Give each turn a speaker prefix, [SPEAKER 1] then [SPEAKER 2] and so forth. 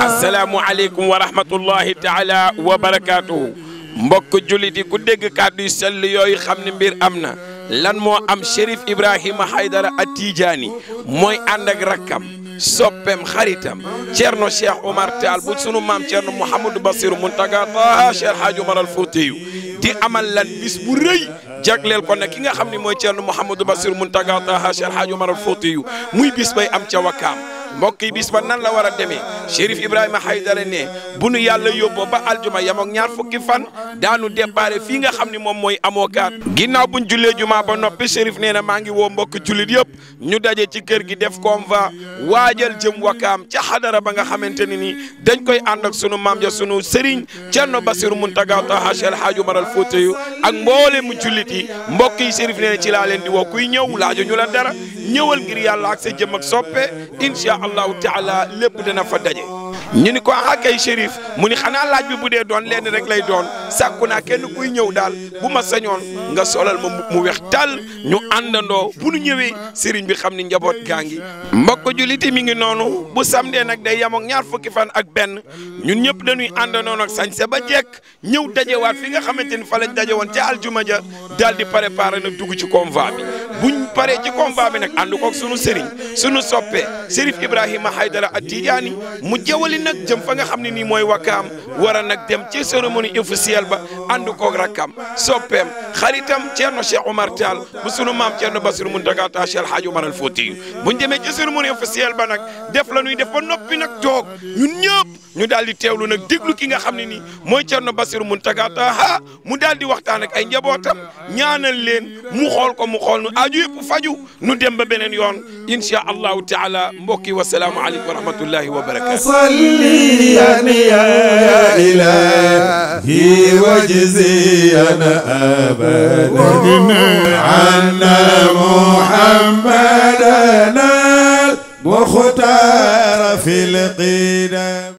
[SPEAKER 1] asalaamualeykum wa rahmatullahi taala wa barakaatuhu mbokk jullit yi ku dégg kàddu yu sell yooyu xam ne mbir am na lan moo am Chérif Ibrahima Haydara Atijaani mooy ànd ak rakkam soppem xaritam Thierno Cheikh Omar Tall bu sunu maam Thierno Mouhamadou Bassirou Mountaga Taha Cheikh Hadj Omar al Foutiyu di amal lan bis bu jagleel ko ne ki nga xam ne mooy Ceerno Mouhamadou Bassirou Mountaga Taha Cheikh Hadji Omar Foutiyou muy bis bay am ca Wakaam mbokk yi bis ba nan la war a demee Chérif Ibrahima Haydara ne bu nu yàlla yóbboo ba aljuma yam ak ñaar fukki fan daanu déparé fii nga xam ne moom mooy amookaat ginnaaw bu buñ jullee jumaa ba noppi Chérif nee na maa ngi woo mbokk jullit yëpp ñu daje ci kër gi def convoi waajal jëm wakaam ca xadara ba nga xamante ne ni dañ koy ànd ak sunu maam ja sunu sëriñ Ceerno Bassirou Mountaga Taha Cheikh Hadji Omar Foutiyou ak mboole mu jullit yi mbokk yi Chérif ci laa leen di woo kuy ñëw laajo ñu la dara ñëwal ngir yàlla ak sa jëm ak soppe incha allahu taala lépp dana fa daje. ñu ni ko ah, ah kay shérif mu ni xanaa laaj bi bu dee doon lenn rek lay doon sàkku naa kenn kuy ñëw daal bu ma sañoon nga solal ma mu weex tal ñu àndandoo bu nu ñëwee sëriñ bi xam ni njaboot gaa ngi. mbokk ju juliti mi ngi noonu bu samdee nag day yemook ñaar fukki fan ak benn ñun ñëpp dañuy àndandoo nag sañse ba jekk ñëw dajewaat fi nga xamante ni fa lañ daje woon ca aljuma ja daal di préparer nag dugg ci convoi bi. buñ paree ci combat nag ànd koog sunu sëriñ sunu soppe Serif Ibrahima Haydara at Tidiane mu jawali nag jëm fa nga xam ne nii mooy wakkaam war a nag dem ci cérémonie officielle ba ànd koog rakkam soppeem xaritam Thierno Cheikh Omar Tall bu sunu maam Thierno Bassirou Mountaga Tall Cheikh Hadj Omar al Fouti buñ demee ci cérémonie officielle ba nag def la ñuy def ba noppi nag toog ñun ñëpp ñu daal di teewlu nag déglu ki nga xam ne ni mooy Thierno Bassirou Mountaga Tall mu daal di waxtaan ak ay njabootam ñaanal leen mu xool ko mu xool nu aju yëpp faju nu dem ba beneen yoon incha allahu taala mbokk yi wasalaamu aleykum wa rahmatullahi إلهي وجزينا أبدا عنا محمدنا المختار في القدم